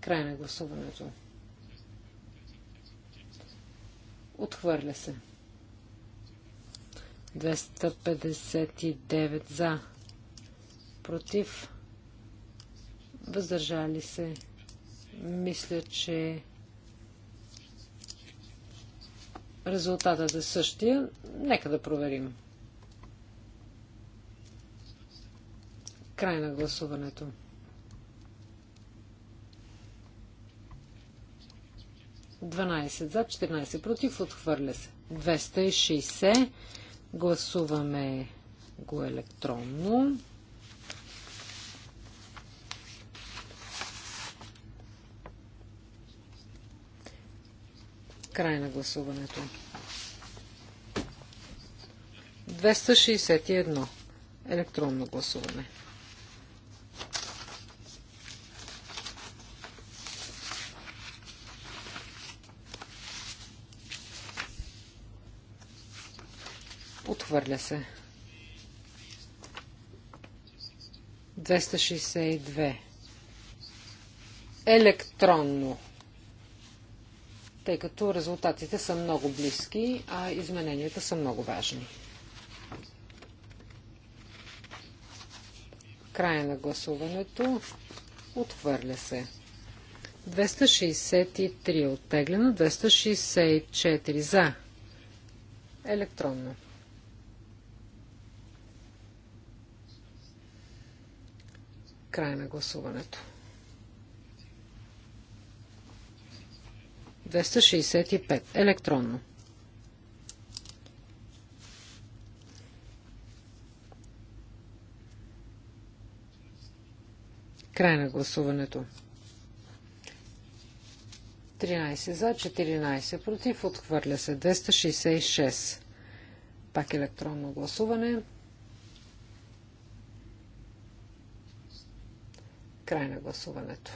Край на гласуването. Отхвърля се. 259 за. Против. Въздържали се. Мисля, че резултатът е същия. Нека да проверим. Край на гласуването. 12 за, 14 против, отхвърля се. 260. Гласуваме го електронно. Край на гласуването. 261. Електронно гласуване. Отхвърля се. 262. Електронно. Тъй като резултатите са много близки, а измененията са много важни. Края на гласуването. Отхвърля се. 263 оттеглено, 264 за. Електронно. Край на гласуването. 265. Електронно. Край на гласуването. 13 за, 14 против, отхвърля се 266. Пак електронно гласуване. Край на гласуването.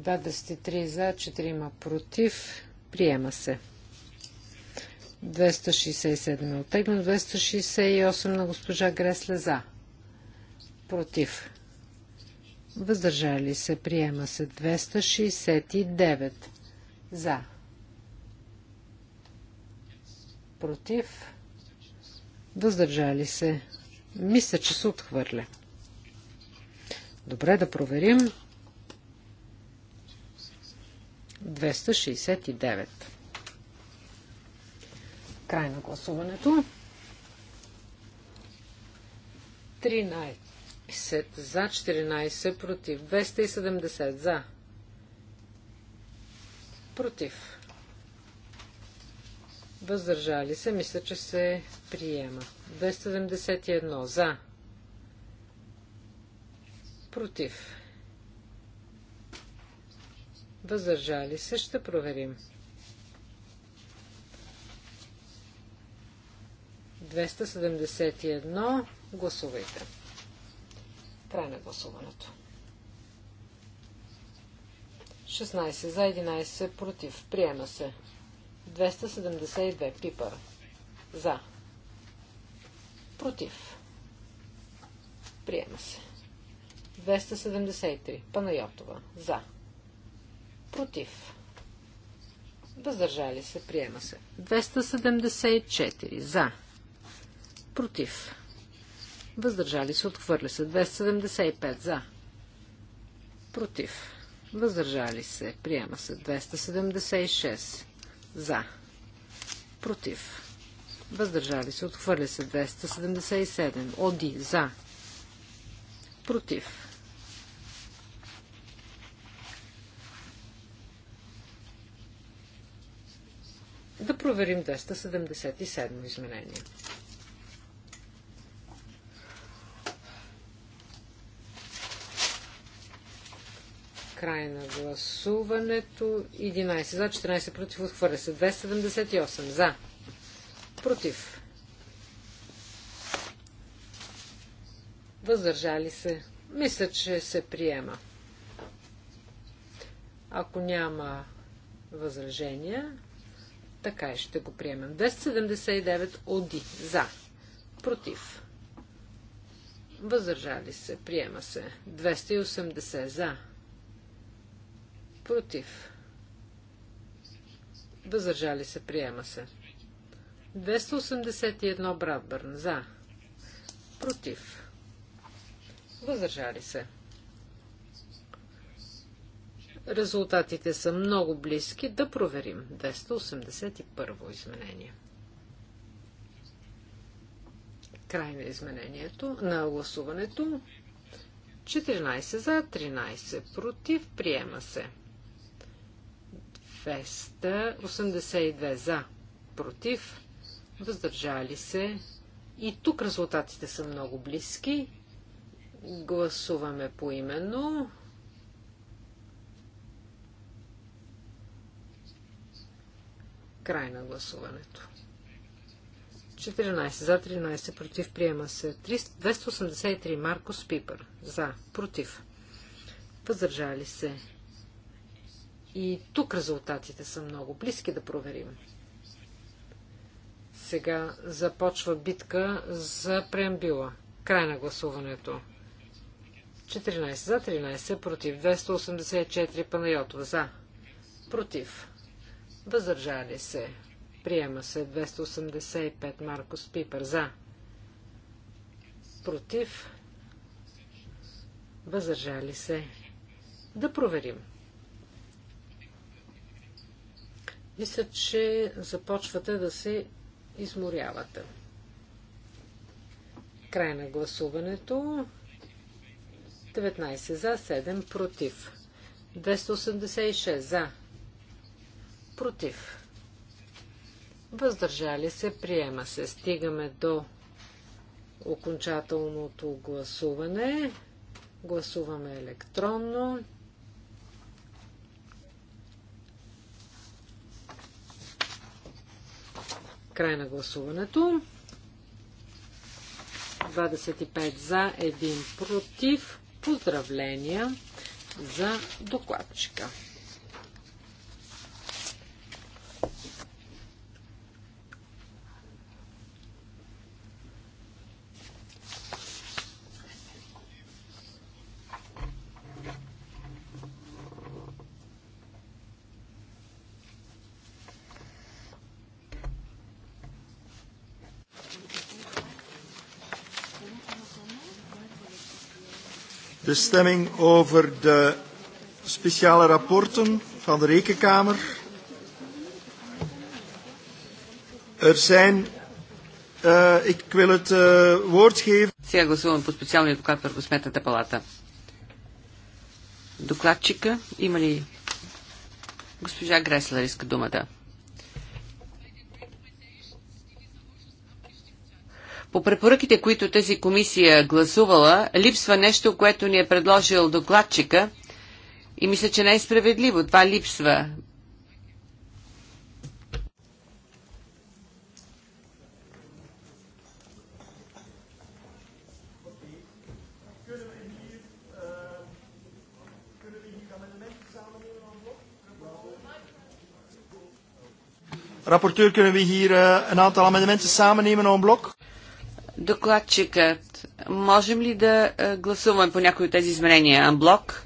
23 за, 4 против. Приема се. 267 е оттеглено. 268 на госпожа Гресле за. Против. Въздържали се. Приема се. 269 за. Против. Въздържали се. Мисля, че се отхвърля. Добре, да проверим. 269. Край на гласуването. 13 за, 14 против, 270 за, против. Въздържали се. Мисля, че се приема. 271. За. Против. Въздържали се. Ще проверим. 271. Гласувайте. Край на гласуването. 16 за 11 против. Приема се. 272. Пипър. За. Против. Приема се. 273. Панайотова. За. Против. Въздържали се. Приема се. 274. За. Против. Въздържали се. Отхвърля се. 275. За. Против. Въздържали се. Приема се. 276 за. Против. Въздържали се. Отхвърля се 277. Оди. За. Против. Да проверим 277 изменения. Край на гласуването. 11 за, 14 против. Отхвърля се. 278 за. Против. Въздържали се. Мисля, че се приема. Ако няма възражения, така и ще го приемем. 279 оди. За. Против. Въздържали се. Приема се. 280 за. Против. Въздържали се. Приема се. 281 Брадбърн. За. Против. Въздържали се. Резултатите са много близки. Да проверим. 281 изменение. Край на изменението, на гласуването. 14 за, 13 против, приема се. 282 за, против, въздържали се. И тук резултатите са много близки. Гласуваме поименно. Край на гласуването. 14 за, 13 против, приема се. 283 Маркос Пипър за, против. Въздържали се и тук резултатите са много близки да проверим. Сега започва битка за преамбила. Край на гласуването. 14 за, 13 против, 284 Панайотов за, против, въздържали се, приема се 285 Маркос Пипер за, против, въздържали се, да проверим. Мисля, че започвате да се изморявате. Край на гласуването. 19 за, 7 против. 286 за. Против. Въздържали се, приема се. Стигаме до окончателното гласуване. Гласуваме електронно. Край на гласуването. 25 за, 1 против. Поздравления за докладчика. de stemming over de speciale rapporten van de Rekenkamer. Er zijn. Uh, ik wil het uh, woord geven. Сега гласуваме по специалния доклад върху Сметната палата. Докладчика, има ли. Госпожа Греслер иска думата. По препоръките, които тази комисия гласувала, липсва нещо, което ни е предложил докладчика и мисля, че не е справедливо. Това липсва. Rapporteur, kunnen we hier uh, een aantal amendementen samennemen en blok? Докладчикът, можем ли да е, гласуваме по някои от тези изменения? Анблок?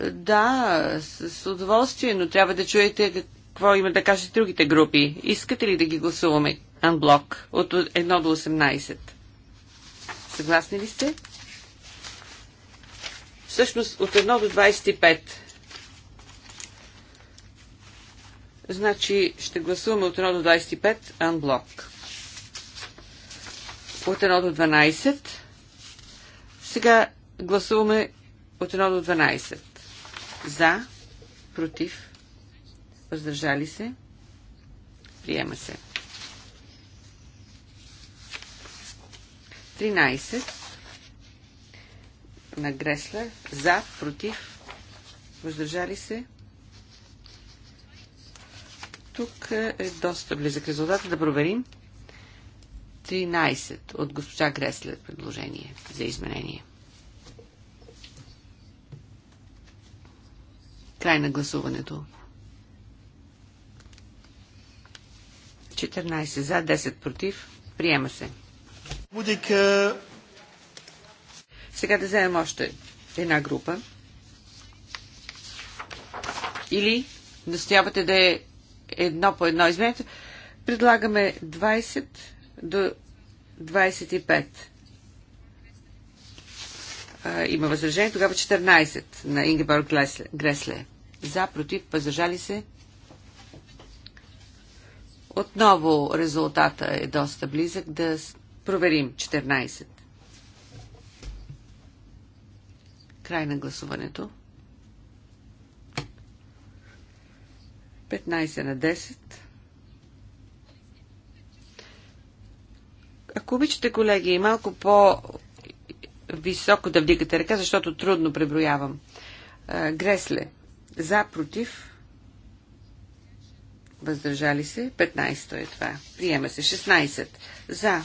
Е, да, с удоволствие, но трябва да чуете какво има да кажат другите групи. Искате ли да ги гласуваме анблок от 1 до 18? Съгласни ли сте? Всъщност от 1 до 25. Значи ще гласуваме от 1 до 25 анблок от 1 до 12. Сега гласуваме от 1 до 12. За, против, въздържали се, приема се. 13 на Гресла. За, против, въздържали се. Тук е доста близък резултат. Да проверим. 13 от госпожа Греслет предложение за изменение. Край на гласуването. 14 за, 10 против. Приема се. Будика. Е, Сега да вземем още една група. Или настоявате да е едно по едно. изменението. предлагаме до 25. А, има възражение. Тогава 14 на Ингеборг Гресле. За, против, въздържали се. Отново резултата е доста близък. Да проверим 14. Край на гласуването. 15 на 10. Ако обичате, колеги, малко по-високо да вдигате ръка, защото трудно преброявам. Гресле. За, против. Въздържали се. 15 е това. Приема се. 16. За.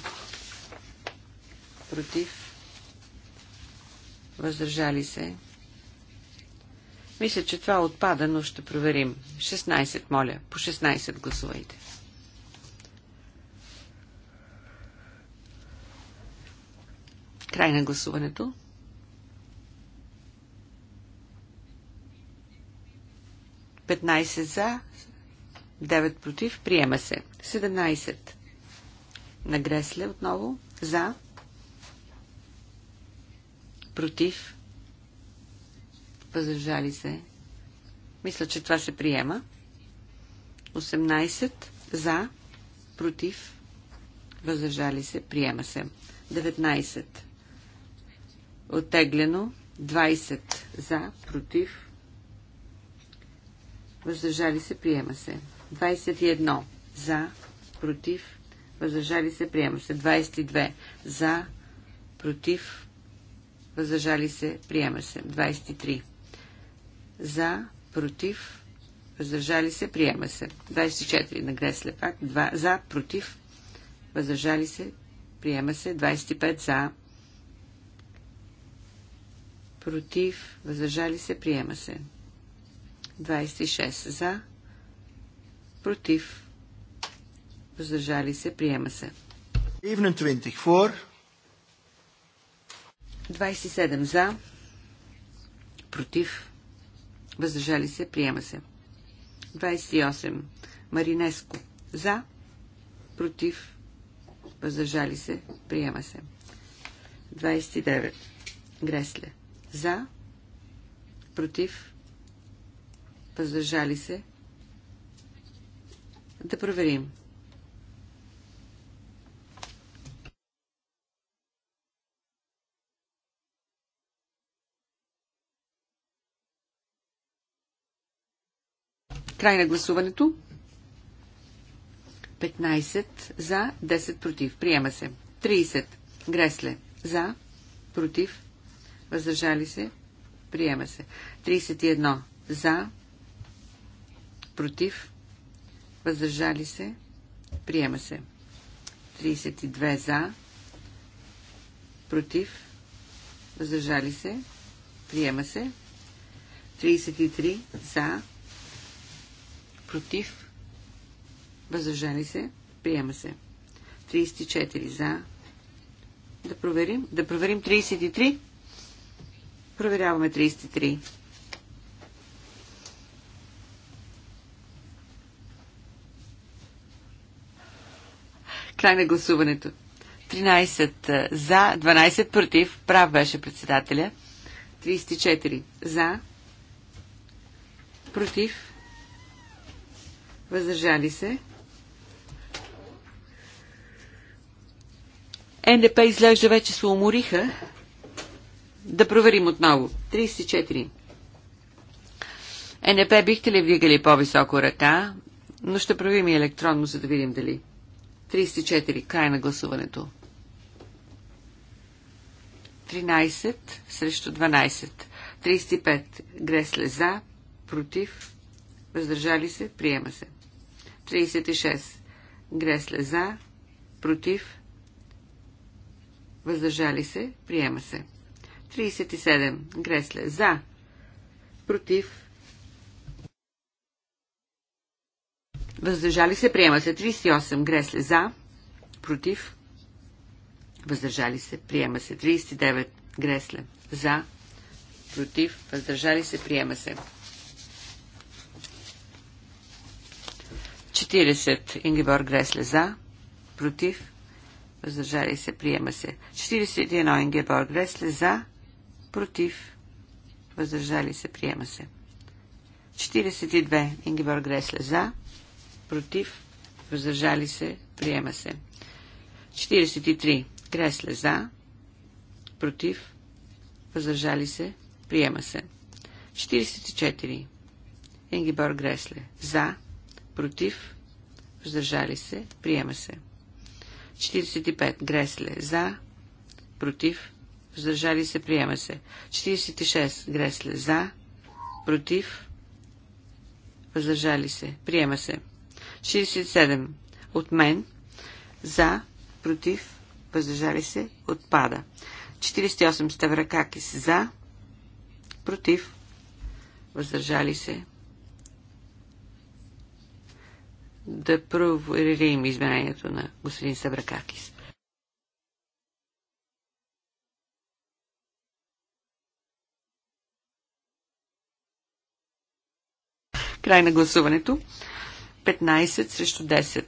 Против. Въздържали се. Мисля, че това отпада, но ще проверим. 16, моля. По 16 гласувайте. Край на гласуването. Петнайсет за, 9 против, приема се. 17. На Гресле отново, за, против, въздържали се. Мисля, че това се приема. 18. За, против, въздържали се, приема се. 19. Оттеглено. 20 за, против. Въздържали се, приема се. 21 за, против. Въздържали се, приема се. 22 за, против. Въздържали се, приема се. 23 за, против. Въздържали се, приема се. 24 на Гресле пак. 2 за, против. Въздържали се, приема се. 25 за, против, въздържали се, приема се. 26 за, против, въздържали се, приема се. 27 за, против, въздържали се, приема се. 28 Маринеско за, против, въздържали се, приема се. 29 Гресле за. Против. Въздържали се. Да проверим. Край на гласуването. 15 за, 10 против. Приема се. 30. Гресле. За, против въздържали се, приема се. 31 за, против, въздържали се, приема се. 32 за, против, въздържали се, приема се. 33 за, против, въздържали се, приема се. 34 за. Да проверим. Да проверим 33. Проверяваме 33. Край на гласуването. 13 за, 12 против. Прав беше председателя. 34 за, против, въздържали се. НДП изглежда вече се умориха. Да проверим отново. 34. Е, НП бихте ли вдигали по-високо ръка? Но ще проверим и електронно, за да видим дали. 34. Край на гласуването. 13 срещу 12. 35. Гресле за, против, въздържали се, приема се. 36. Гресле за, против, въздържали се, приема се. 37. Гресле. За. Против. Въздържали се. Приема се. 38. Гресле. За. Против. Въздържали се. Приема се. 39. Гресле. За. Против. Въздържали се. Приема се. 40. Ингебор Гресле. За. Против. Въздържали се. Приема се. 41. Ингебор Гресле. За против, въздържали се, приема се. 42. Ингеборг Гресле за, против, въздържали се, приема се. 43. Гресле за, против, въздържали се, приема се. 44. Ингеборг Гресле за, против, въздържали се, приема се. 45. Гресле за, против, въздържали се, приема се. 46 Гресле за, против, въздържали се, приема се. 67 от мен, за, против, въздържали се, отпада. 48 Ставракакис за, против, въздържали се. Да проверим изменението на господин Ставракакис. Край на гласуването. 15 срещу 10.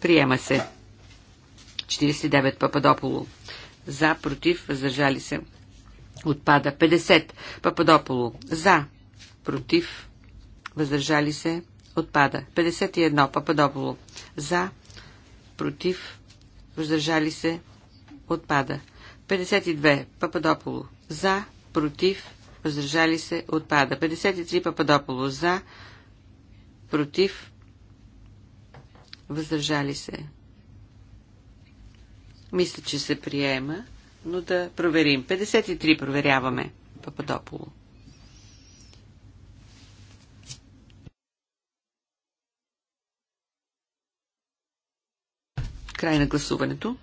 Приема се. 49 Пападополо. За, против, въздържали се. Отпада. 50 Пападополо. За, против, въздържали се. Отпада. 51 Пападополо. За, против, въздържали се. Отпада. 52 Пападополо. За, против, въздържали се, отпада. 53 Пападополо за, против, въздържали се. Мисля, че се приема, но да проверим. 53 проверяваме Пападополо. Край на гласуването.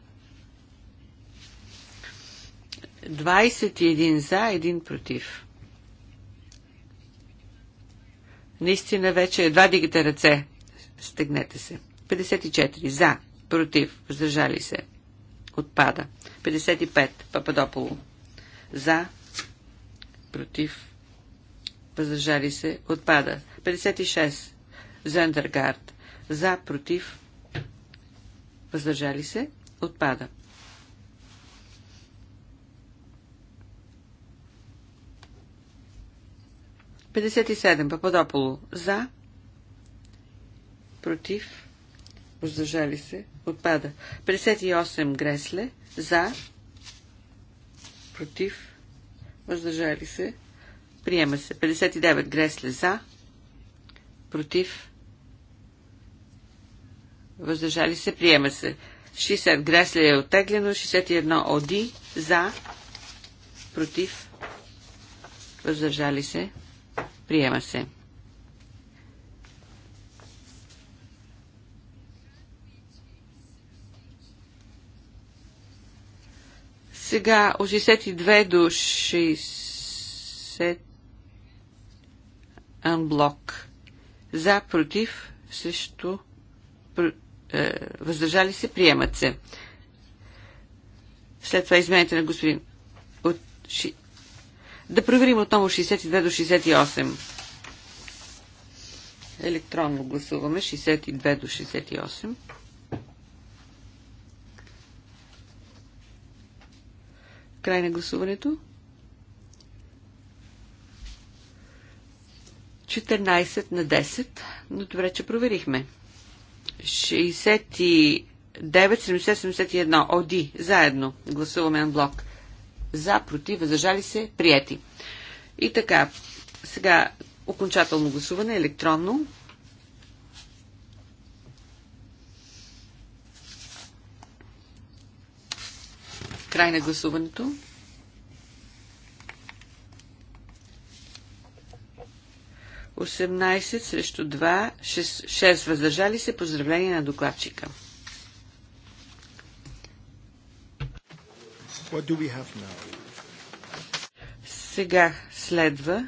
21 за, 1 против. Наистина вече едва дигате ръце. Стегнете се. 54. За. Против. Въздържали се. Отпада. 55. Пападополо. За. Против. Въздържали се. Отпада. 56. Зендергард. За. Против. Въздържали се. Отпада. 57. Пападополо. За. Против. Въздържали се. Отпада. 58. Гресле. За. Против. Въздържали се. Приема се. 59. Гресле. За. Против. Въздържали се. Приема се. 60. Гресле е оттеглено. 61. Оди. За. Против. Въздържали се. Приема се. Сега от 62 до 60 анблок. За, против, също е, въздържали се, приемат се. След това измените на господин от да проверим отново 62 до 68. Електронно гласуваме 62 до 68. Край на гласуването. 14 на 10, но добре, че проверихме. 69, 70, 71. Оди, заедно. Гласуваме анблок за, против, въздържали се, прияти. И така, сега окончателно гласуване електронно. Край на гласуването. Осемнайсет срещу два, шест въздържали се. Поздравление на докладчика. What do we have now? Сега следва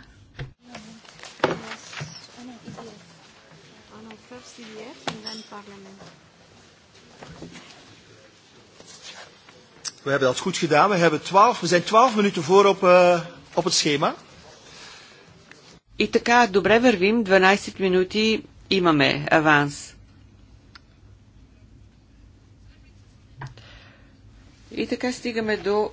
We hebben dat goed gedaan. We, hebben 12, we zijn 12 minuten voor op, uh, op het schema. И така, добре вървим. 12 минути имаме аванс. И така стигаме до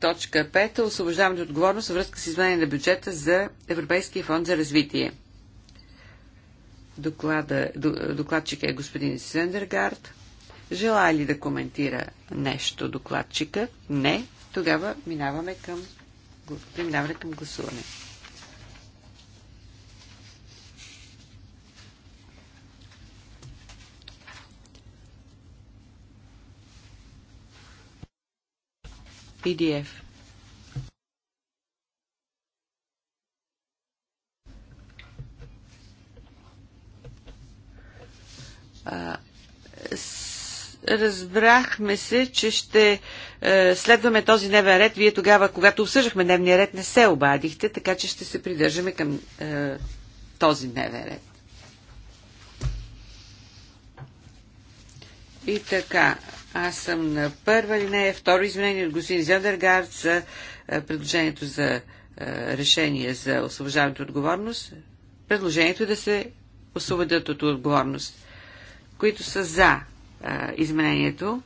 точка 5. Освобождаване от отговорност във връзка с изменение на бюджета за Европейския фонд за развитие. Доклада, докладчик е господин Сендергард. Желая ли да коментира нещо докладчика? Не. Тогава минаваме към, минаваме към гласуване. PDF. разбрахме се, че ще е, следваме този дневен ред. Вие тогава, когато обсъждахме дневния ред, не се обадихте, така че ще се придържаме към е, този дневен ред. И така, аз съм на първа линия, второ изменение от господин Зендергард за е, предложението за е, решение за освобождаването отговорност. Предложението е да се освободят от отговорност, които са за е, изменението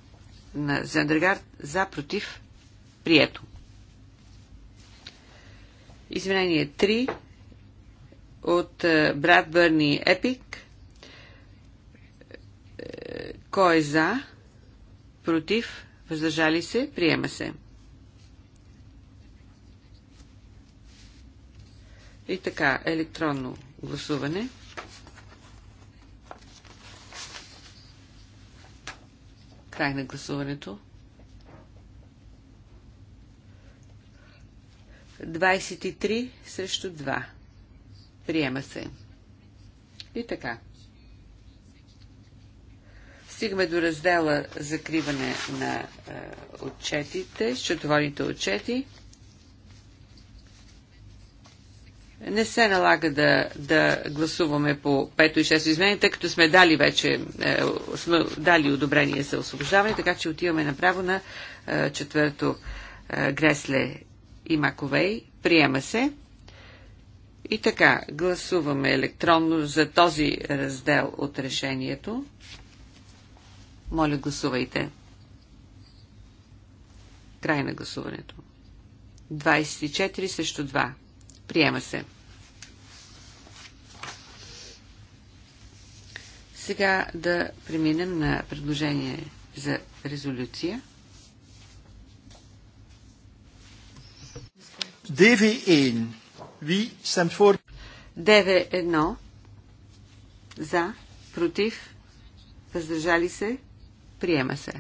на Зендергард, за против прието. Изменение 3 от Брат Бърни Епик. Кой е за? против, въздържали се, приема се. И така, електронно гласуване. Край на гласуването. 23 срещу 2. Приема се. И така. Стигаме до раздела закриване на е, отчетите, счетоводните отчети. Не се налага да, да гласуваме по 5 и 6 изменения, тъй като сме дали вече, е, сме дали одобрение за освобождаване, така че отиваме направо на е, четвърто е, Гресле и Маковей. Приема се. И така, гласуваме електронно за този раздел от решението. Моля, гласувайте. Край на гласуването. 24 срещу 2. Приема се. Сега да преминем на предложение за резолюция. DV1. Ви stemt voor. DV1. За. Против. Въздържали се. Приема се.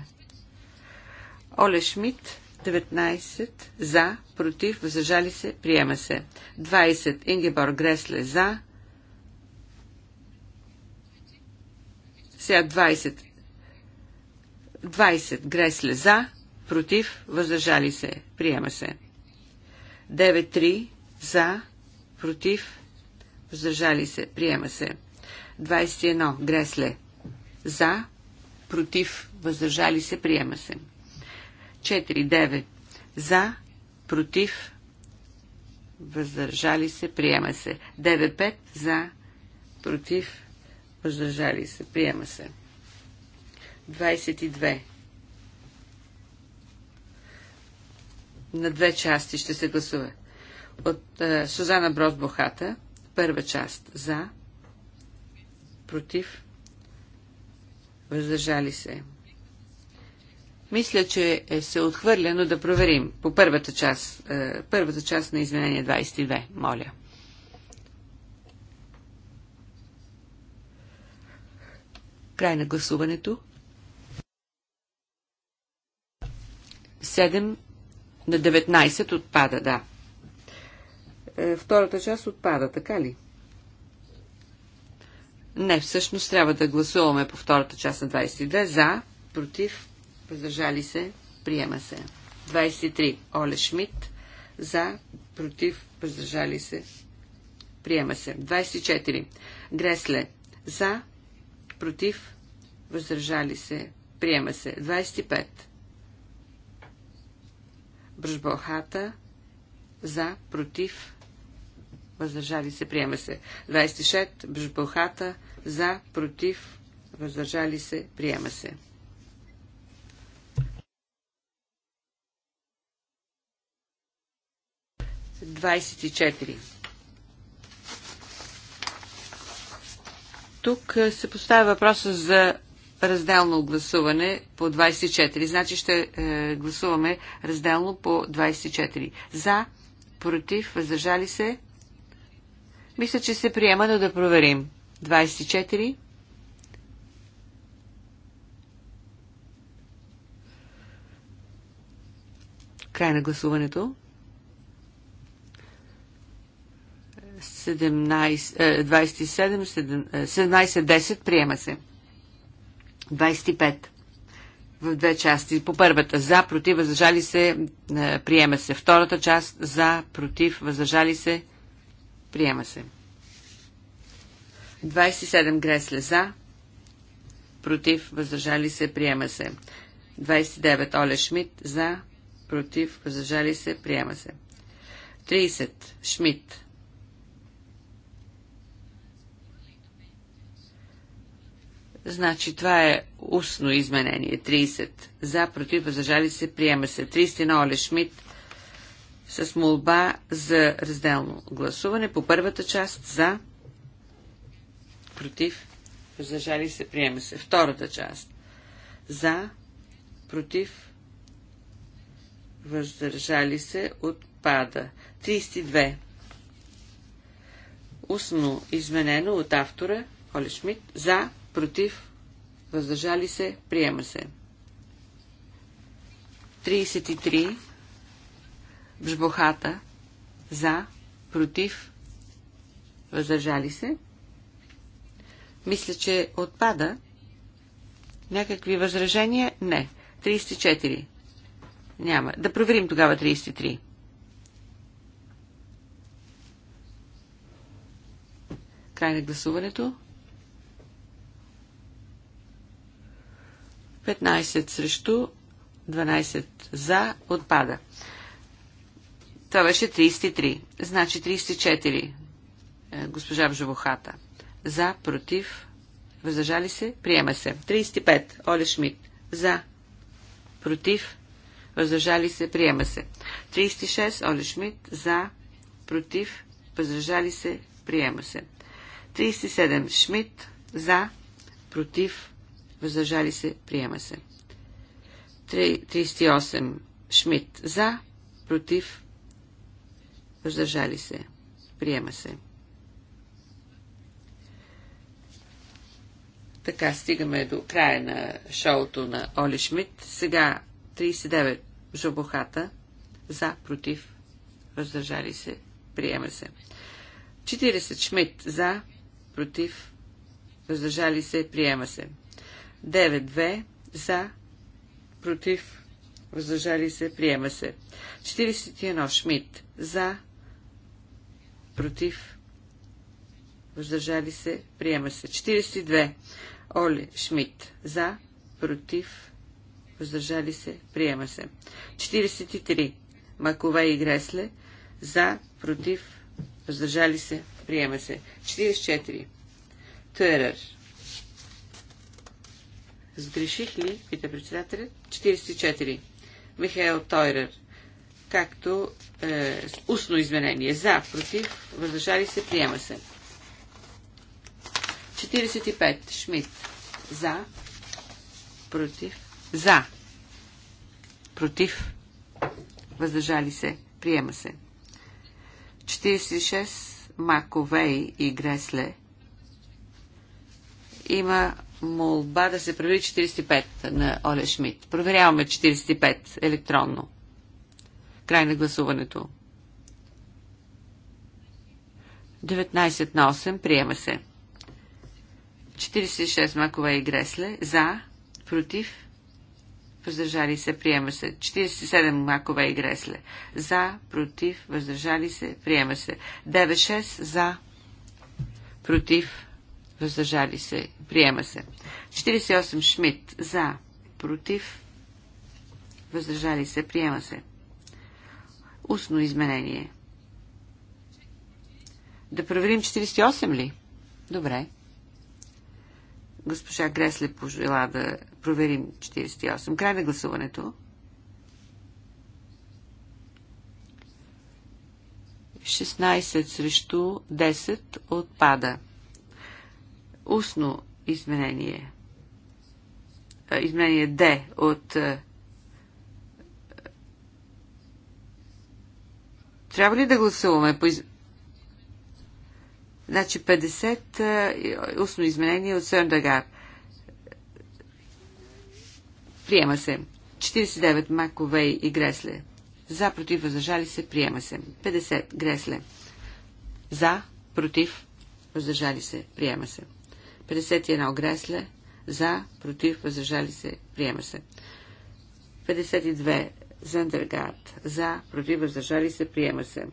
Оле Шмидт 19 за, против, въздържали се, приема се. 20 Ингебор Гресле за. Сега 20. 20 Гресле за, против, въздържали се, приема се. 9-3 за, против, въздържали се, приема се. 21 Гресле за, против, въздържали се, приема се. 4-9 за, против, въздържали се, приема се. 9-5 за, против, въздържали се, приема се. 22 на две части ще се гласува. От е, Сузана Бросбохата, първа част за, против, въздържали се. Мисля, че е се отхвърля, но да проверим по първата част, е, първата част на изменение 22, моля. Край на гласуването. 7 на 19 отпада, да. Е, втората част отпада, така ли? Не, всъщност трябва да гласуваме по втората част на 22. За, против, въздържали се, приема се. 23. Оле Шмидт. За, против, въздържали се, приема се. 24. Гресле. За, против, въздържали се, приема се. 25. Бръжбохата. За, против, въздържали се, приема се. 26. Бжбохата, за, против, въздържали се, приема се. Тук е, се поставя въпроса за разделно гласуване по 24. Значи ще е, гласуваме разделно по 24. За, против, въздържали се, мисля, че се приема, но да проверим. 24. Край на гласуването. 17-10 е, е, приема се. 25 в две части. По първата за, против, въздържали се, е, приема се. Втората част за, против, въздържали се, Приема се. 27 Гресле за. Против. Въздържали се. Приема се. 29 Оле Шмидт за. Против. Въздържали се. Приема се. 30 Шмидт. Значи това е устно изменение. 30. За, против, въздържали се, приема се. 30 на Оле Шмидт с молба за разделно гласуване по първата част за, против, въздържали се, приема се. Втората част за, против, въздържали се, отпада. 32. Устно изменено от автора Холи Шмидт. За, против, въздържали се, приема се. 33. Жбохата за, против, въздържали се. Мисля, че отпада. Някакви възражения? Не. 34. Няма. Да проверим тогава 33. Край на гласуването. 15 срещу, 12 за, отпада. Това беше 33. Значи 34. Е, госпожа Бжовохата. За, против, въздържали се, приема се. 35. Оле Шмидт. За, против, въздържали се, приема се. 36. Оле Шмидт. За, против, въздържали се, приема се. 37. Шмидт. За, против, въздържали се, приема се. 38. Шмидт. За, против, въздържали се, приема се. Така стигаме до края на шоуто на Оли Шмидт. Сега 39 жобохата за, против, въздържали се, приема се. 40 Шмидт за, против, въздържали се, приема се. 9-2 за, против, въздържали се, приема се. 41 Шмидт за, против, въздържали се, приема се. 42. Оле Шмидт, за, против, въздържали се, приема се. 43. Макове и Гресле, за, против, въздържали се, приема се. 44. Терър. Сгреших ли, пита председателят? 44. Михаил Тойрер както е, устно изменение. За, против, въздържали се, приема се. 45. Шмидт. За, против, за, против, въздържали се, приема се. 46. Маковей и Гресле. Има молба да се провери 45 на Оле Шмидт. Проверяваме 45 електронно. 45. Край на гласуването. 19 на 8. Приема се. 46 Макова и Гресле. За. Против. Въздържали се. Приема се. 47 Макова и Гресле. За. Против. Въздържали се. Приема се. 9-6. За. Против. Въздържали се. Приема се. 48 Шмидт. За. Против. Въздържали се. Приема се. Устно изменение. Да проверим 48 ли? Добре. Госпожа Гресле пожела да проверим 48. Край на гласуването. 16 срещу 10 отпада. Устно изменение. Изменение Д от Трябва ли да гласуваме по из... Значи 50 устно изменение от Сърндагар. Приема се. 49 Маковей и Гресле. За, против, въздържали се. Приема се. 50 Гресле. За, против, въздържали се. Приема се. 51 Гресле. За, против, въздържали се. Приема се. 52 Зандергард. За, против, въздържали се, приема се.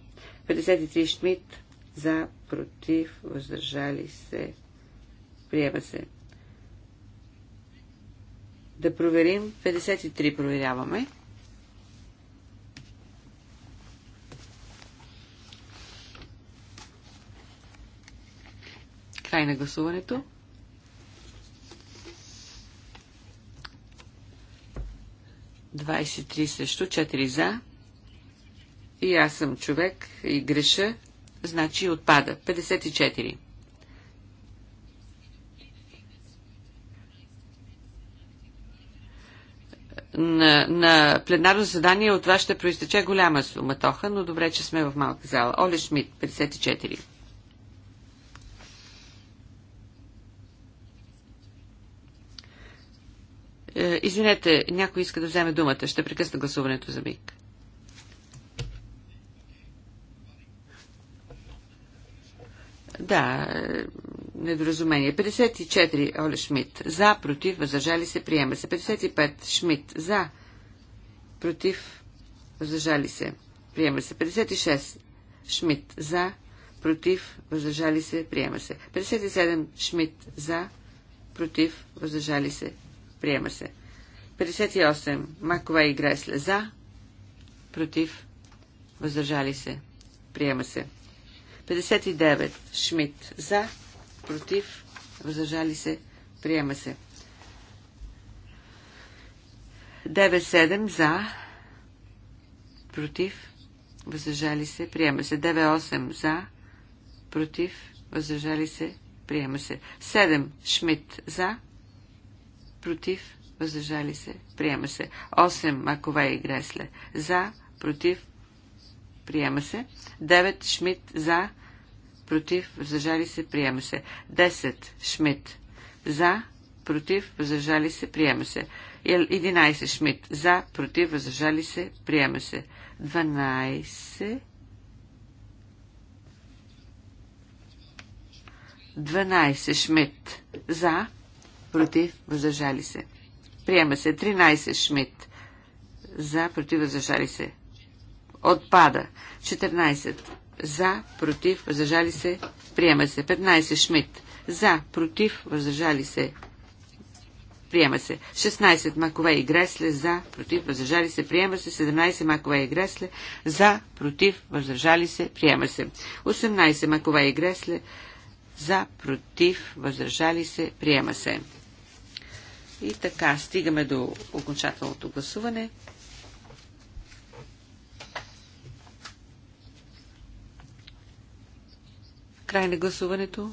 53 Шмидт. За, против, въздържали се, приема се. Да проверим. 53 проверяваме. Край на гласуването. 23 срещу 4 за. И аз съм човек и греша, значи отпада. 54. на, на пленарно задание от вас ще проистече голяма суматоха, но добре, че сме в малка зала. Оле Шмидт, 54. Е, извинете, някой иска да вземе думата. Ще прекъсна гласуването за миг. Да, е, недоразумение. 54, Оле Шмидт. За, против, въздържали се, приема се. 55, Шмидт. За, против, въздържали се, приема се. 56, Шмидт. За, против, въздържали се, приема се. 57, Шмидт. За, против, въздържали се, Приема се. 58. Макова и Гресле. За. Против. Въздържали се. Приема се. 59. Шмидт. За. Против. Въздържали се. Приема се. 97 за. Против. Въздържали се. Приема се. 98 за. Против. Въздържали се. Приема се. 7. Шмидт. За против, въздържали се, приема се. 8 Макове и Гресле, за, против, приема се. 9 Шмидт, за, против, въздържали се, приема се. 10 Шмидт, за, против, въздържали се, приема се. 11 Шмидт, за, против, въздържали се, приема се. 12 12 Шмидт, за, против, въздържали се. Приема се 13 Шмидт. За, против, въздържали се. Отпада. 14. За, против, въздържали се. Приема се. 15 Шмидт. За, против, въздържали се. Приема се. 16 макове и гресле за, против, въздържали се, приема се. 17 макове и гресле за, против, въздържали се, приема се. 18 макове и гресле за, против, въздържали се, приема се. И така, стигаме до окончателното гласуване. Край на гласуването.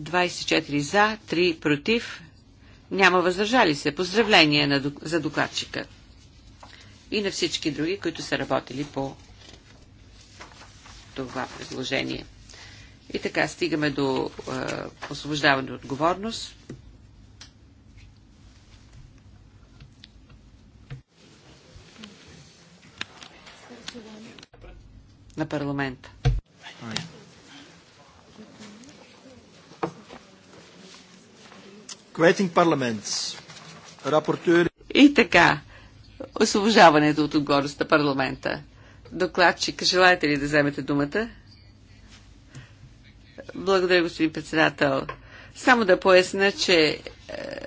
24 за, 3 против. Няма въздържали се. Поздравление на, за докладчика и на всички други, които са работили по това предложение. И така стигаме до е, освобождаване от отговорност. на парламента. Квейтинг парламент. Рапортери. И така, освобождаването от отговорност на парламента. Докладчик, желаете ли да вземете думата? Благодаря, господин председател. Само да поясна, че е,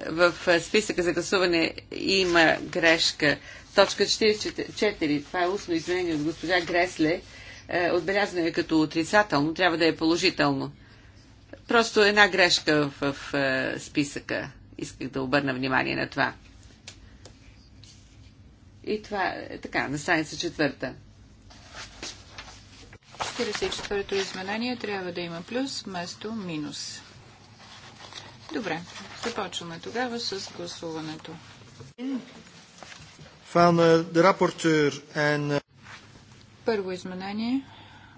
в е, списъка за гласуване има грешка. Точка 44, това е устно изменение от госпожа Гресле, е, отбелязано е като отрицателно, трябва да е положително. Просто една грешка в, списъка. Исках да обърна внимание на това. И това, е така, на страница четвърта. 44-то изменение трябва да има плюс вместо минус. Добре, започваме тогава с гласуването. Eh, eh, първо изменение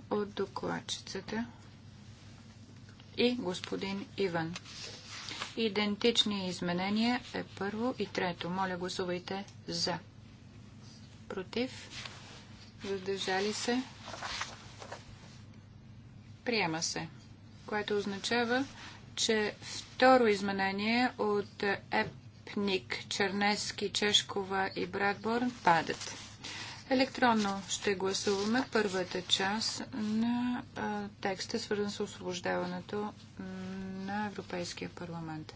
от докладчицата и господин Иван. Идентични изменения е първо и трето. Моля, гласувайте за. Против. Въздържали се. Приема се. Което означава, че второ изменение от Епник, Чернески, Чешкова и Брадборн падат. Електронно ще гласуваме първата част на а, текста, свързан с освобождаването на Европейския парламент.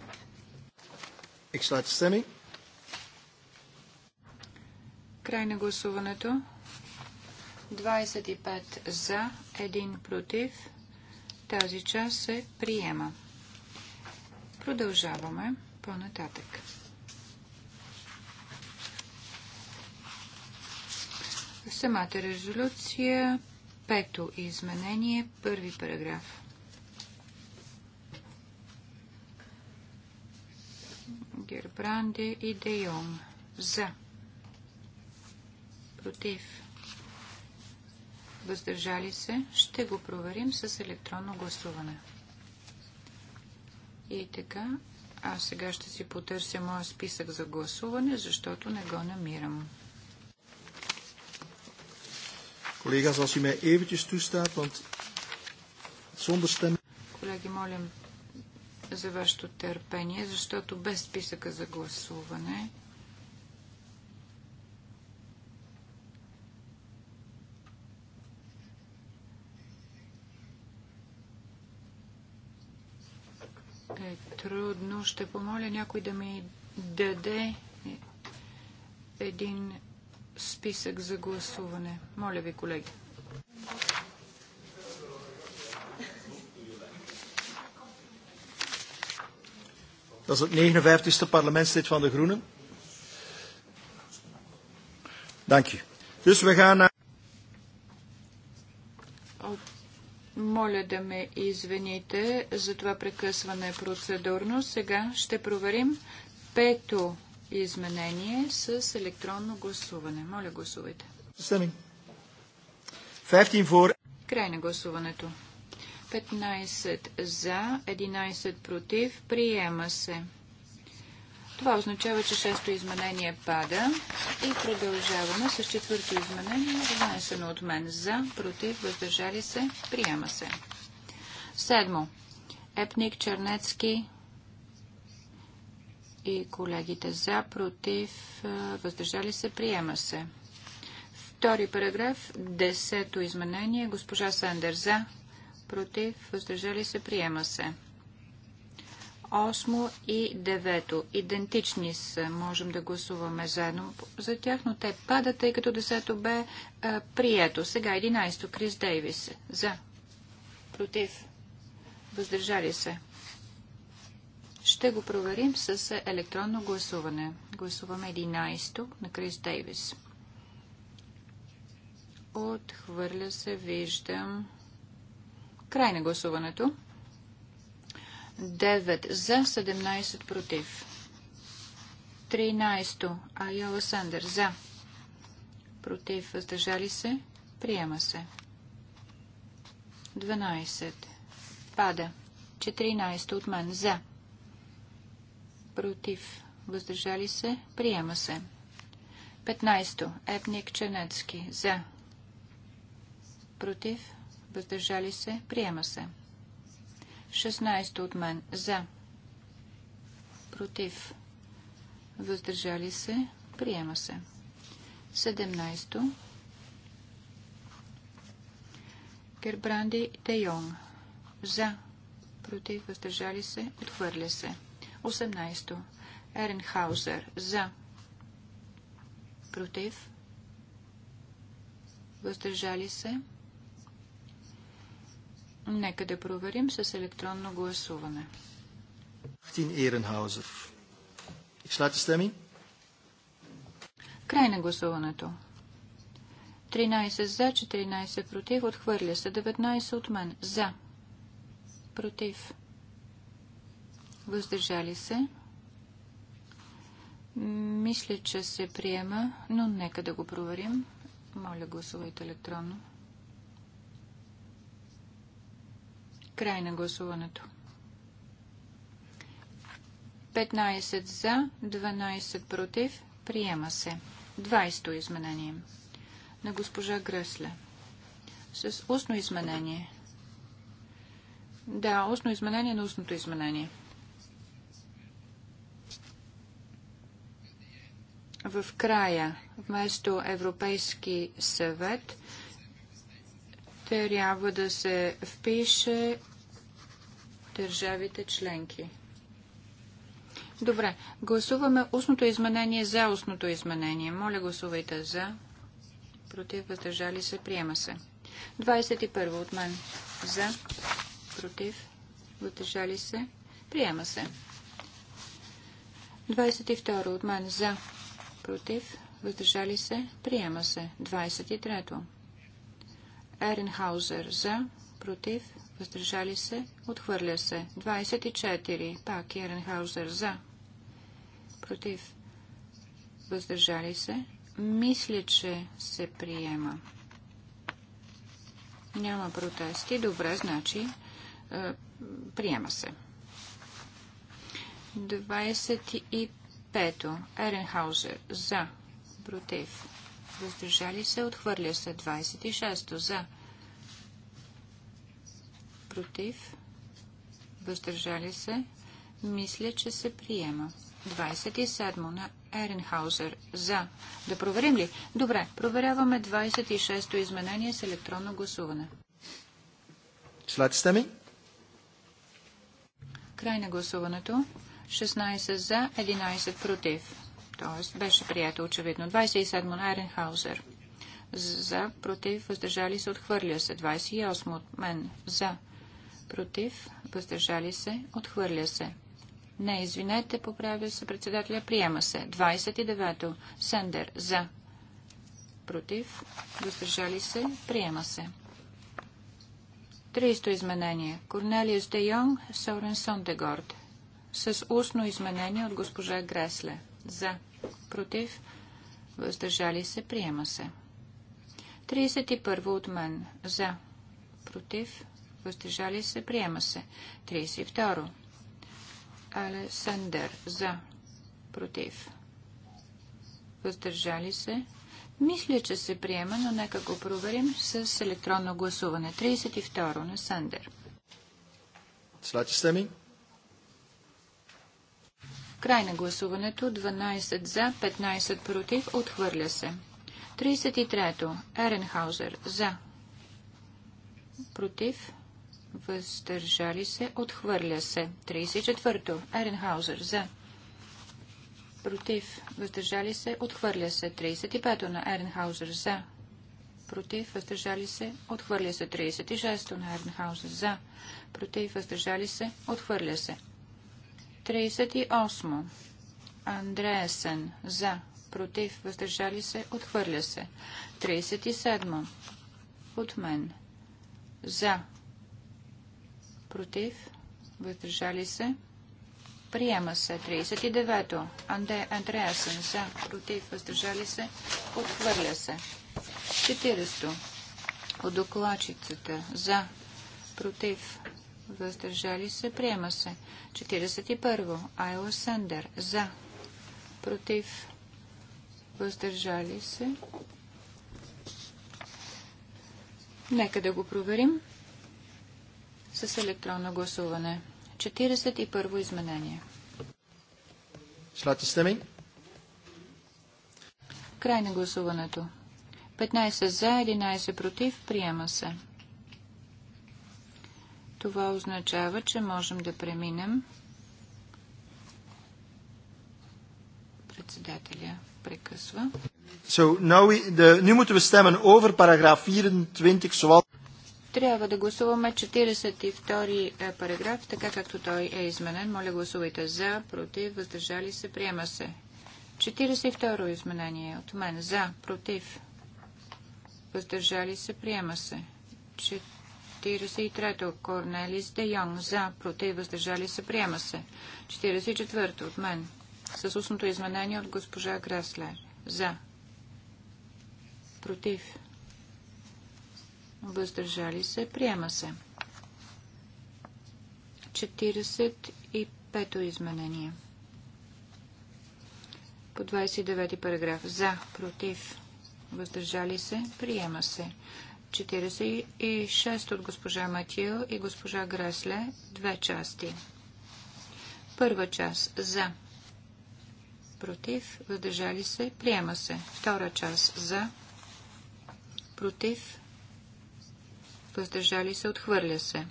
Край на гласуването. 25 за, 1 против, тази част се приема. Продължаваме по-нататък. Самата резолюция, пето изменение, първи параграф. Гербранде и Дейон. За. Против въздържали се, ще го проверим с електронно гласуване. И така, аз сега ще си потърся моя списък за гласуване, защото не го намирам. Колега, als u mij eventjes toestaat, want zonder stem... Колеги, молям за вашето търпение, защото без списъка за гласуване трудно. Ще помоля някой да ми даде един списък за гласуване. Моля ви, колеги. Dat is het 59ste parlementslid van de Groenen. Dank je. Dus we gaan naar... Моля да ме извините за това прекъсване процедурно. Сега ще проверим пето изменение с електронно гласуване. Моля, гласувайте. Край на гласуването. 15 за, 11 против. Приема се. Това означава, че шесто изменение пада и продължаваме с четвърто изменение, внесено от мен за, против, въздържали се, приема се. Седмо. Епник Чернецки и колегите за, против, въздържали се, приема се. Втори параграф, десето изменение, госпожа Сандер за, против, въздържали се, приема се. 8 и 9. Идентични са. Можем да гласуваме заедно за тях, но те падат, тъй като 10 бе а, е, прието. Сега 11. Крис Дейвис. За. Против. Въздържали се. Ще го проверим с електронно гласуване. Гласуваме 11 на Крис Дейвис. Отхвърля се, виждам. Край на гласуването. 9 за, 17 против. 13. Айова Сандър за. Против. Въздържали се. Приема се. 12. Пада. 14 от мен. За. Против. Въздържали се. Приема се. 15. Епник Ченецки. За. Против. Въздържали се. Приема се. 16 от мен. За. Против. Въздържали се. Приема се. 17. Гербранди Тейон. За. Против. Въздържали се. Отхвърля се. 18. Еренхаузер. За. Против. Въздържали се. Нека да проверим с електронно гласуване. 18 Еренхаузер. Слайте стеми. Край на гласуването. 13 за, 14 против, отхвърля се 19 от мен. За. Против. Въздържали се. Мисля, че се приема, но нека да го проверим. Моля, гласувайте електронно. 18. Край на гласуването. 15 за, 12 против. Приема се. 20-то изменение на госпожа Гръсле. С устно изменение. Да, устно изменение на устното изменение. В края, вместо Европейски съвет, трябва да се впише държавите членки. Добре, гласуваме устното изменение за устното изменение. Моля, гласувайте за. Против, въздържали се, приема се. 21 от мен. За, против, въздържали се, приема се. 22 от мен. За, против, въздържали се, приема се. 23. Еренхаузер за, против, въздържали се, отхвърля се. 24. Пак Еренхаузер за, против, въздържали се. Мисля, че се приема. Няма протести. Добре, значи е, приема се. 25. Еренхаузер за, против, въздържали се, отхвърля се. 26 за, против, въздържали се, мисля, че се приема. 27 на Еренхаузер. За. Да проверим ли? Добре, проверяваме 26-то изменение с електронно гласуване. След ми. Край на гласуването. 16 за, 11 против. Тоест беше прието очевидно. 27 на Айренхаузер. За, против, въздържали се, отхвърля се. 28 от мен. За, против, въздържали се, отхвърля се. Не, извинете, поправя се председателя, приема се. 29 Сендер. За, против, въздържали се, приема се. 30 изменение. Корнелиус де Йонг, Сорен Сондегорд. С устно изменение от госпожа Гресле. За. Против. Въздържали се. Приема се. 31 от мен. За. Против. Въздържали се. Приема се. 32. Алесандър. За. Против. Въздържали се. Мисля, че се приема, но нека го проверим с електронно гласуване. 32 на Сандер. Слачи ми. Край на гласуването. 12 за, 15 против. Отхвърля се. 33-то. Еренхаузер. За. Против. Въздържали се. Отхвърля се. 34-то. Еренхаузер. За. Против. Въздържали се. Отхвърля се. 35-то на Еренхаузер. За. Против. Въздържали се. Отхвърля се. 36-то на Еренхаузер. За. Против. Въздържали се. Отхвърля се. 38. Андреасен. За. Против. Въздържали се. Отхвърля се. 37. От мен. За. Против. Въздържали се. Приема се. 39-то. Анде, Андреасен. За. Против. Въздържали се. Отхвърля се. 40-то. От докладчицата. За. Против въздържали се, приема се. 41. Айла Сендер, за, против, въздържали се. Нека да го проверим с електронно гласуване. 41 изменение. Слати стеми. Край на гласуването. 15 за, 11 против, приема се. Това означава, че можем да преминем председателя прекъсва. So, now we, the, nu moeten we stemmen over paragraaf 24 zoals... Трябва да гласуваме 42 е, параграф, така както той е изменен. Моля гласувайте за, против, въздържали се, приема се. 42 изменение е от мен. За, против, въздържали се, приема се. 43-то Корнелис Де Йонг за, против, въздържали се, приема се. 44-то от мен с устното изменение от госпожа Гресле за, против, въздържали се, приема се. 45-то изменение по 29 ти параграф за, против, въздържали се, приема се. 46 от госпожа Матио и госпожа Гресле. Две части. Първа част. За. Против. Въздържали се. Приема се. Втора част. За. Против. Въздържали се. Отхвърля се.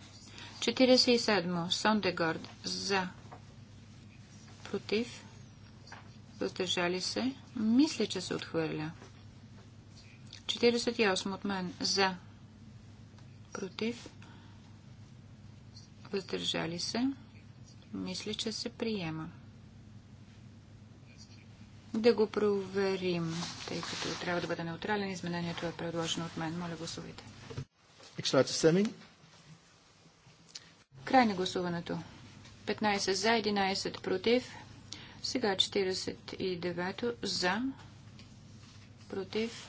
47. Сондегорд. За. Против. Въздържали се. Мисля, че се отхвърля. 48 от мен за, против, въздържали се. Мисля, че се приема. Да го проверим, тъй като трябва да бъде неутрален. Изменението е предложено от мен. Моля, гласувайте. Край на гласуването. 15 за, 11 против. Сега 49 за, против,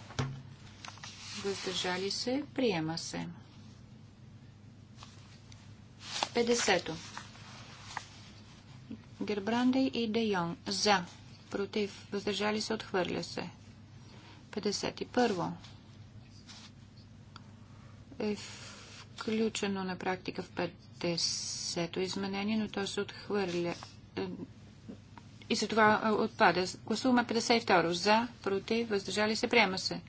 въздържали се, приема се. 50. Гербранде и Де За. Против. Въздържали се. Отхвърля се. 51. Е включено на практика в 50-то изменение, но то се отхвърля. Е, и за това е, отпада. Гласуваме 52. За. Против. Въздържали се. Приема се.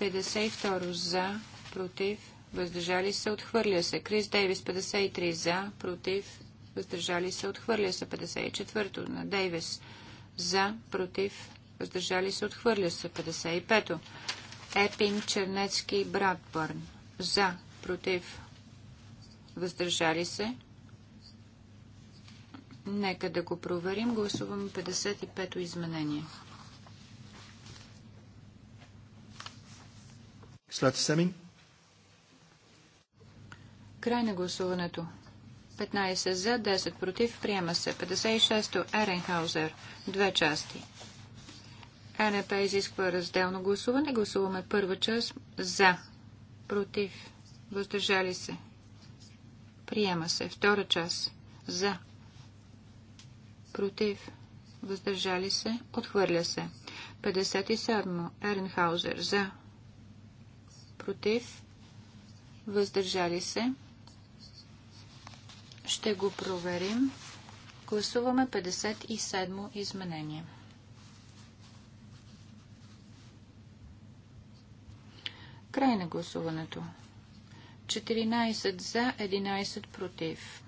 52 за, против, въздържали се, отхвърля се. Крис Дейвис 53 за, против, въздържали се, отхвърля се. 54 то на Дейвис за, против, въздържали се, отхвърля се. 55 Епин, Чернецки, Братбърн за, против, въздържали се. Нека да го проверим. Гласуваме 55-то изменение. След Край на гласуването. 15 за, 10 против. Приема се. 56-то Еренхаузер. Две части. НП изисква разделно гласуване. Гласуваме първа част за, против, въздържали се. Приема се. Втора част за, против, въздържали се, отхвърля се. 57. Еренхаузер за, против, въздържали се. Ще го проверим. Гласуваме 57 изменение. Край на гласуването. 14 за, 11 против.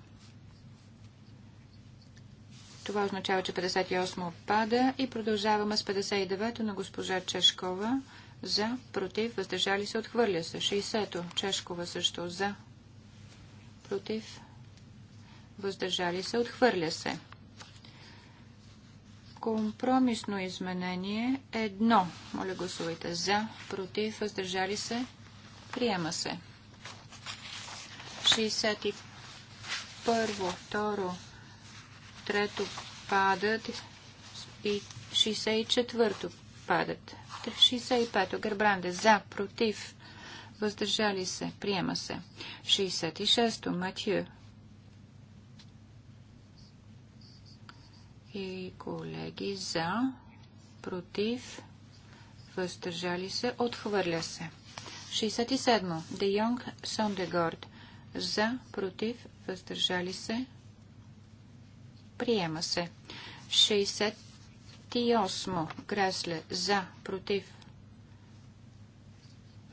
Това означава, че 58 отпада и продължаваме с 59 на госпожа Чешкова за, против, въздържали се, отхвърля се. 60-то, Чешкова също, за, против, въздържали се, отхвърля се. Компромисно изменение едно. Моля гласувайте за, против, въздържали се, приема се. 61, 2, 3 падат и 64 то падат. 65. Гербранде за, против, въздържали се, приема се. 66. Матю. И колеги за, против, въздържали се, отхвърля се. 67. Де Йонг Сондегорд. За, против, въздържали се, приема се. 38. Гресле. За. Против.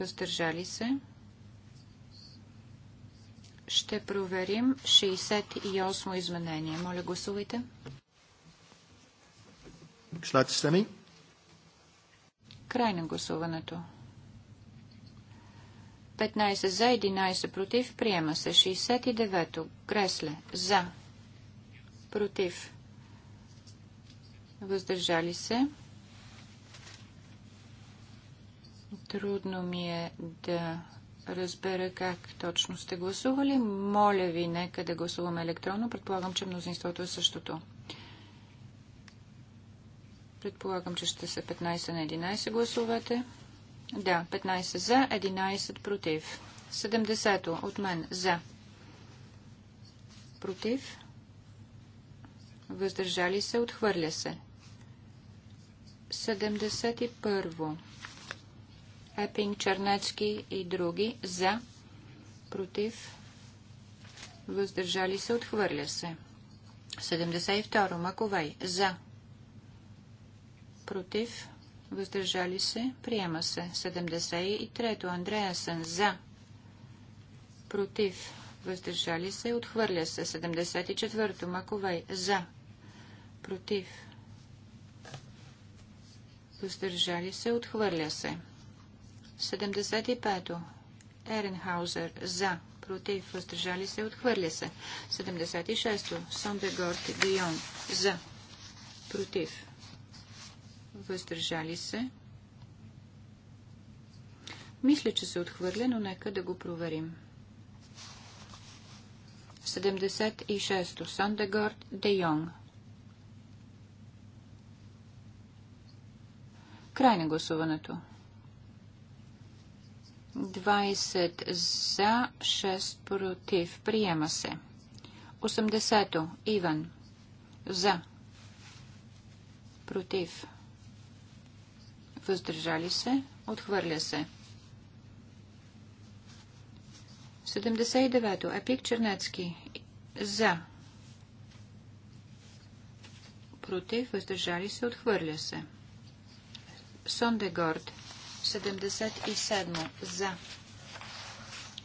Въздържали се. Ще проверим 68 изменение. Моля, гласувайте. Штатите ми. Край на гласуването. 15 за, 11 против. Приема се 69-то. Кресле. За. Против. Въздържали се. Трудно ми е да разбера как точно сте гласували. Моля ви, нека да гласуваме електронно. Предполагам, че мнозинството е същото. Предполагам, че ще са 15 на 11 гласовете. Да, 15 за, 11 против. 70 от мен за. Против. Въздържали се, отхвърля се. 71. Епинг, Чернецки и други за, против, въздържали се, отхвърля се. 72. Маковей за, против, въздържали се, приема се. 73. Андреасен за, против, въздържали се, отхвърля се. 74. Маковей за, против, въздържали се, отхвърля се. 75. Еренхаузер за, против, въздържали се, отхвърля се. 76. Сондегорт Гион за, против, въздържали се. Мисля, че се отхвърля, но нека да го проверим. 76. Сондегорд Де Край на гласуването. 20 за, 6 против. Приема се. 80-то. Иван. За. Против. Въздържали се. Отхвърля се. 79-то. Епик Чернецки. За. Против. Въздържали се. Отхвърля се. Сондегорд. 77 за.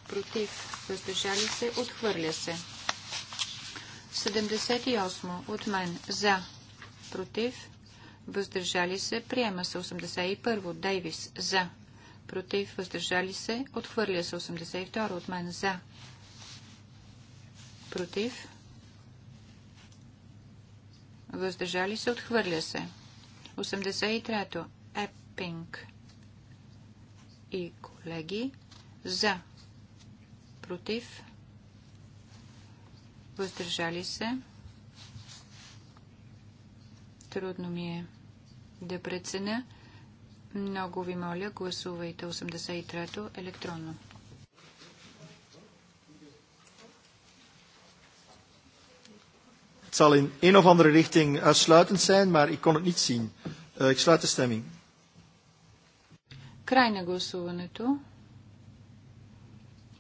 Против. Въздържали се. Отхвърля се. 78 от мен. За. Против. Въздържали се. Приема се. 81 Дейвис. За. Против. Въздържали се. Отхвърля се. 82 от мен. За. Против. Въздържали се. Отхвърля се. 83 Епинг и колеги за, против, въздържали се. Трудно ми е да преценя. Много ви моля, гласувайте 83-то електронно. Het zal in een of andere richting uitsluitend eh, zijn, maar ik kon het niet zien. Uh, ik sluit de stemming. Край на гласуването.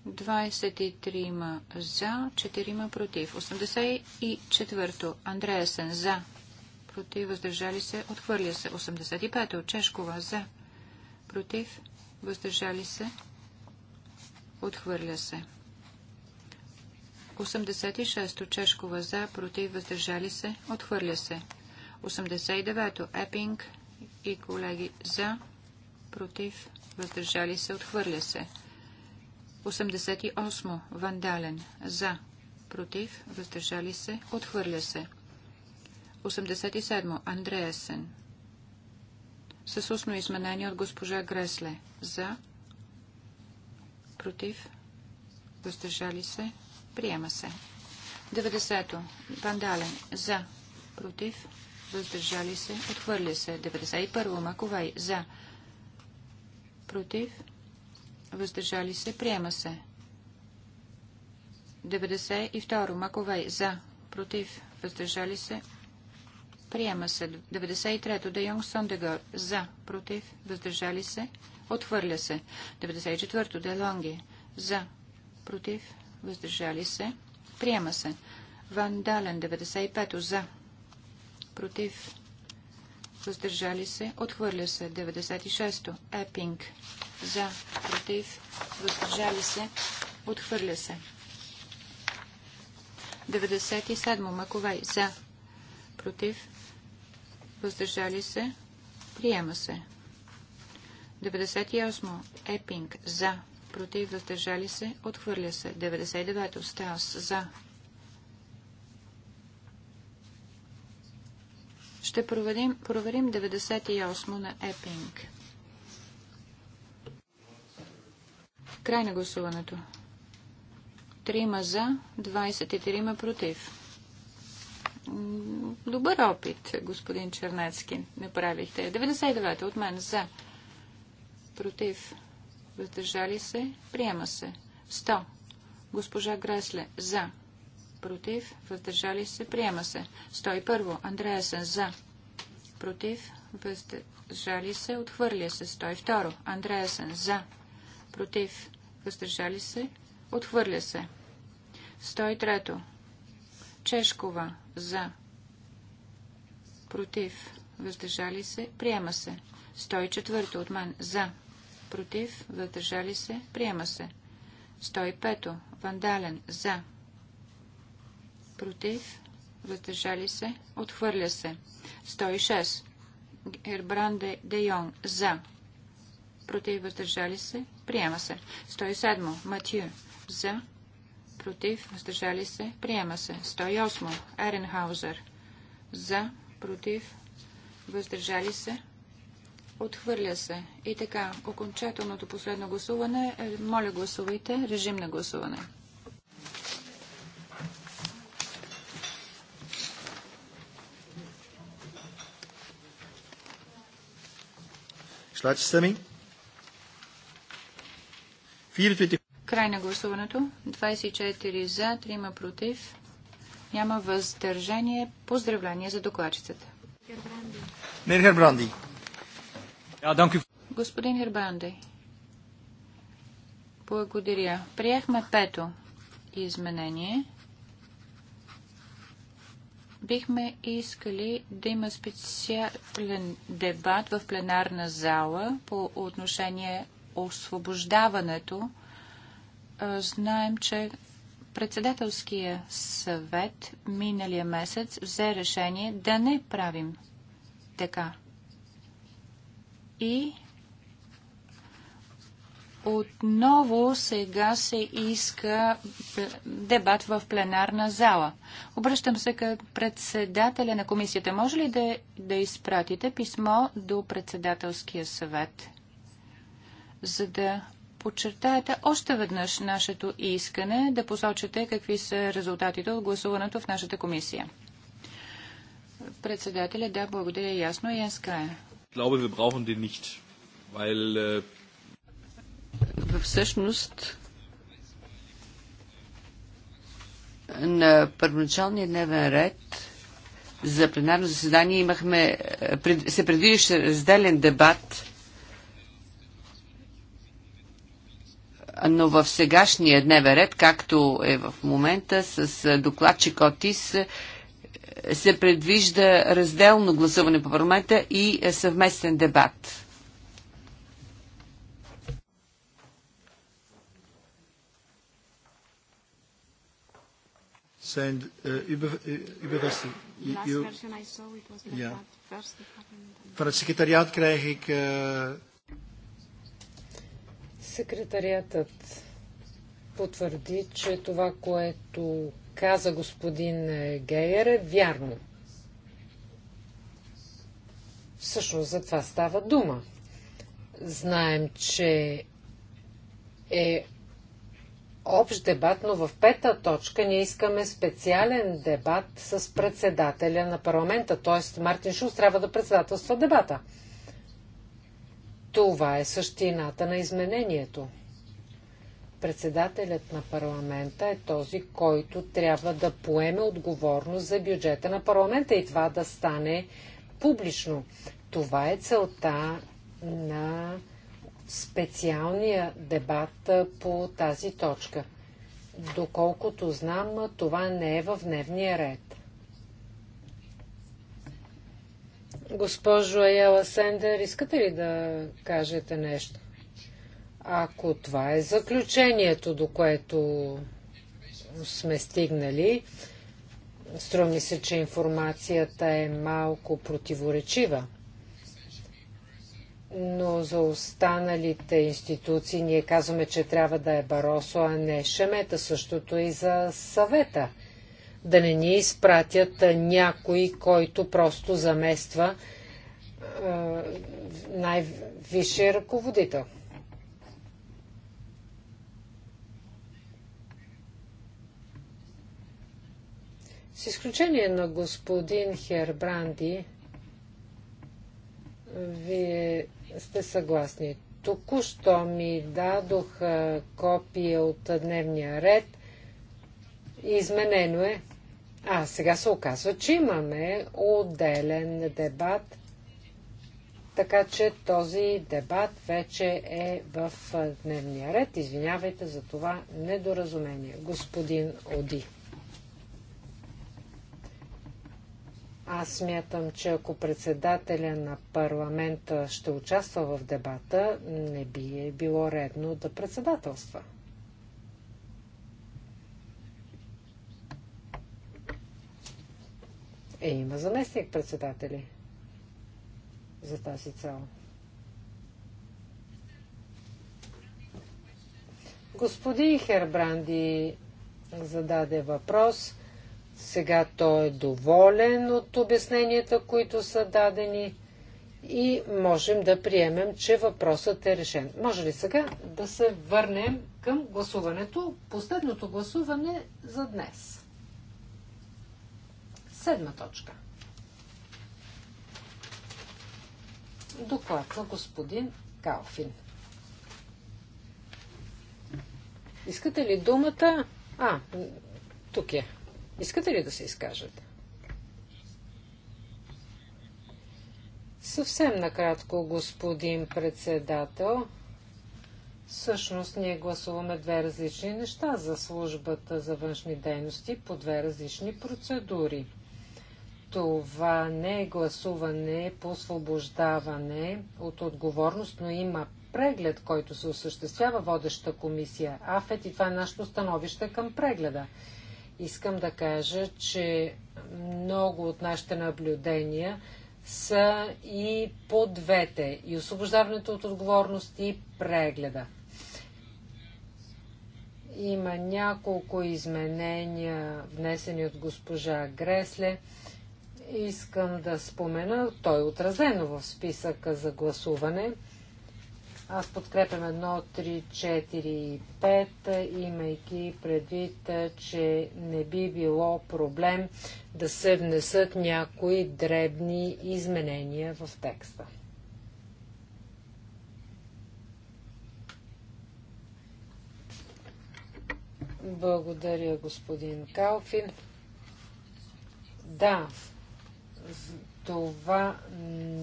23 за, 4 против. 84-то. Андреасен за. Против. Въздържали се. Отхвърля се. 85-то. Чешкова за. Против. Въздържали се. Отхвърля се. 86-то. Чешкова за. Против. Въздържали се. Отхвърля се. 89-то. Епинг и колеги за против, въздържали се, отхвърля се. 88. Вандален. За. Против. Въздържали се. Отхвърля се. 87. Андреасен. С устно изменение от госпожа Гресле. За. Против. Въздържали се. Приема се. 90. Вандален. За. Против. Въздържали се. Отхвърля се. 91. Маковай. За против, въздържали се, приема се. 92. Маковей за, против, въздържали се, приема се. 93. Де Йонг Сондегор за, против, въздържали се, отхвърля се. 94. Де Лонги за, против, въздържали се, приема се. Ван Дален 95. За, против, въздържали се, отхвърля се. 96-то, Епинг, за, против, въздържали се, отхвърля се. 97-мо, Маковай, за, против, въздържали се, приема се. 98-мо, Епинг, за, против, въздържали се, отхвърля се. 99-то, Стас, за, Ще проверим, проверим 98 на Епинг. Край на гласуването. Трима за, 23 против. Добър опит, господин Чернецки, направихте. 99 от мен за, против, въздържали се, приема се. 100. Госпожа Гресле за, против, въздържали се, приема се. 101. Андреасен за, против, въздържали се, отхвърля се. 102. Андреасен за, против, въздържали се, отхвърля се. 103. Чешкова за, против, въздържали се, приема се. 104. От мен за, против, въздържали се, приема се. 105. Вандален за, против, въздържали се, отхвърля се. 106. Гербран де, де Йон, за, против, въздържали се, приема се. 107. Матю, за, против, въздържали се, приема се. 108. Еренхаузер, за, против, въздържали се, отхвърля се. И така, окончателното последно гласуване, е, моля гласувайте, режим на гласуване. 24. Край на гласуването. 24 за, 3 ма против. Няма въздържание. Поздравление за докладчицата. Хербранди. Господин Хербранди. Благодаря. Приехме пето изменение бихме искали да има специален дебат в пленарна зала по отношение освобождаването. Знаем, че председателския съвет миналия месец взе решение да не правим така. И отново сега се иска дебат в пленарна зала. Обръщам се към председателя на комисията. Може ли да, да изпратите писмо до председателския съвет, за да подчертаете още веднъж нашето искане да посочите какви са резултатите от гласуването в нашата комисия? Председателя, да, благодаря ясно. и Ich glaube, wir brauchen den nicht, weil äh, всъщност на първоначалния дневен ред за пленарно заседание имахме, се предвидеше разделен дебат, но в сегашния дневен ред, както е в момента, с докладчик Отис, се предвижда разделно гласуване по парламента и съвместен дебат. send Überwasser. Ja. Van het secretariaat krijg ik. Uh... Секретариатът потвърди, че това, което каза господин е, Гейер е вярно. Всъщност за това става дума. Знаем, че е общ дебат, но в пета точка ние искаме специален дебат с председателя на парламента, т.е. Мартин Шулс трябва да председателства дебата. Това е същината на изменението. Председателят на парламента е този, който трябва да поеме отговорност за бюджета на парламента и това да стане публично. Това е целта на специалния дебат по тази точка. Доколкото знам, това не е в дневния ред. Госпожо Аяла Сендер, искате ли да кажете нещо? Ако това е заключението, до което сме стигнали, струми ми се, че информацията е малко противоречива но за останалите институции ние казваме, че трябва да е Баросо, а не Шемета. Същото и за съвета. Да не ни изпратят някой, който просто замества е, най-висшия ръководител. С изключение на господин Хербранди, вие сте съгласни. Току-що ми дадох копия от дневния ред. Изменено е. А, сега се оказва, че имаме отделен дебат. Така че този дебат вече е в дневния ред. Извинявайте за това недоразумение. Господин Оди. Аз смятам, че ако председателя на парламента ще участва в дебата, не би е било редно да председателства. Е, има заместник председатели за тази цел. Господин Хербранди зададе въпрос – сега той е доволен от обясненията, които са дадени и можем да приемем, че въпросът е решен. Може ли сега да се върнем към гласуването, последното гласуване за днес? Седма точка. Доклад на господин Калфин. Искате ли думата? А, тук е. Искате ли да се изкажете? Съвсем накратко, господин председател. Всъщност ние гласуваме две различни неща за службата за външни дейности по две различни процедури. Това не е гласуване по освобождаване от отговорност, но има преглед, който се осъществява водеща комисия АФЕТ и това е нашето становище към прегледа. Искам да кажа, че много от нашите наблюдения са и по двете, и освобождаването от отговорност, и прегледа. Има няколко изменения, внесени от госпожа Гресле. Искам да спомена, той е отразено в списъка за гласуване – аз подкрепям 1, 3, 4 5, имайки предвид, че не би било проблем да се внесат някои дребни изменения в текста. Благодаря, господин Калфин. Да, това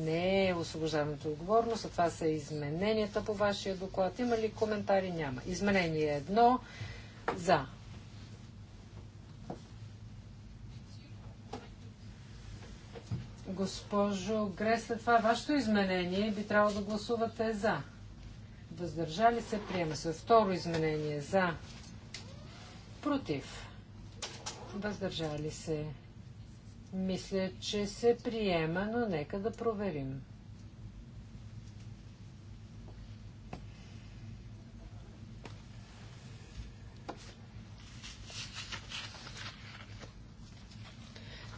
не е освобождаването отговорност, а това са измененията по вашия доклад. Има ли коментари? Няма. Изменение едно за. Госпожо след това е вашето изменение би трябвало да гласувате за. Въздържали се, приема се. Второ изменение за. Против. Въздържали се, мисля, че се приема, но нека да проверим.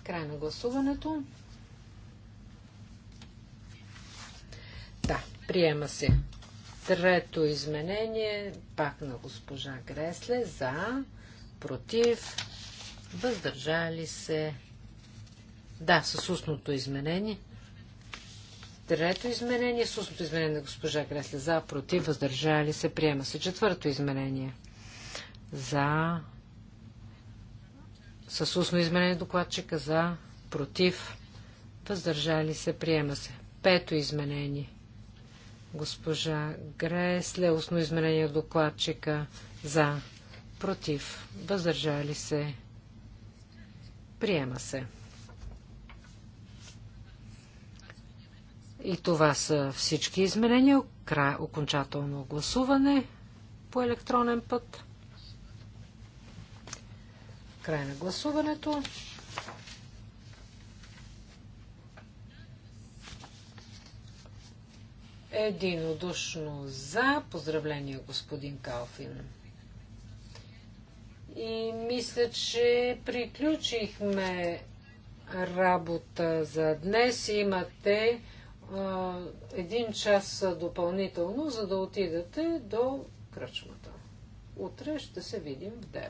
Край на гласуването. Да, приема се. Трето изменение, пак на госпожа Гресле, за, против, въздържали се, да, с устното изменение. Трето изменение, с устното изменение на госпожа Кресле. За, против, въздържали се, приема се. Четвърто изменение. За, с устно изменение докладчика. За, против, въздържали се, приема се. Пето изменение. Госпожа Гресле, устно изменение докладчика. За, против, въздържали се, приема се. И това са всички изменения. Край, окончателно гласуване по електронен път. Край на гласуването. Единодушно за. Поздравления, господин Калфин. И мисля, че приключихме работа за днес. Имате един час допълнително, за да отидете до кръчмата. Утре ще се видим в 9.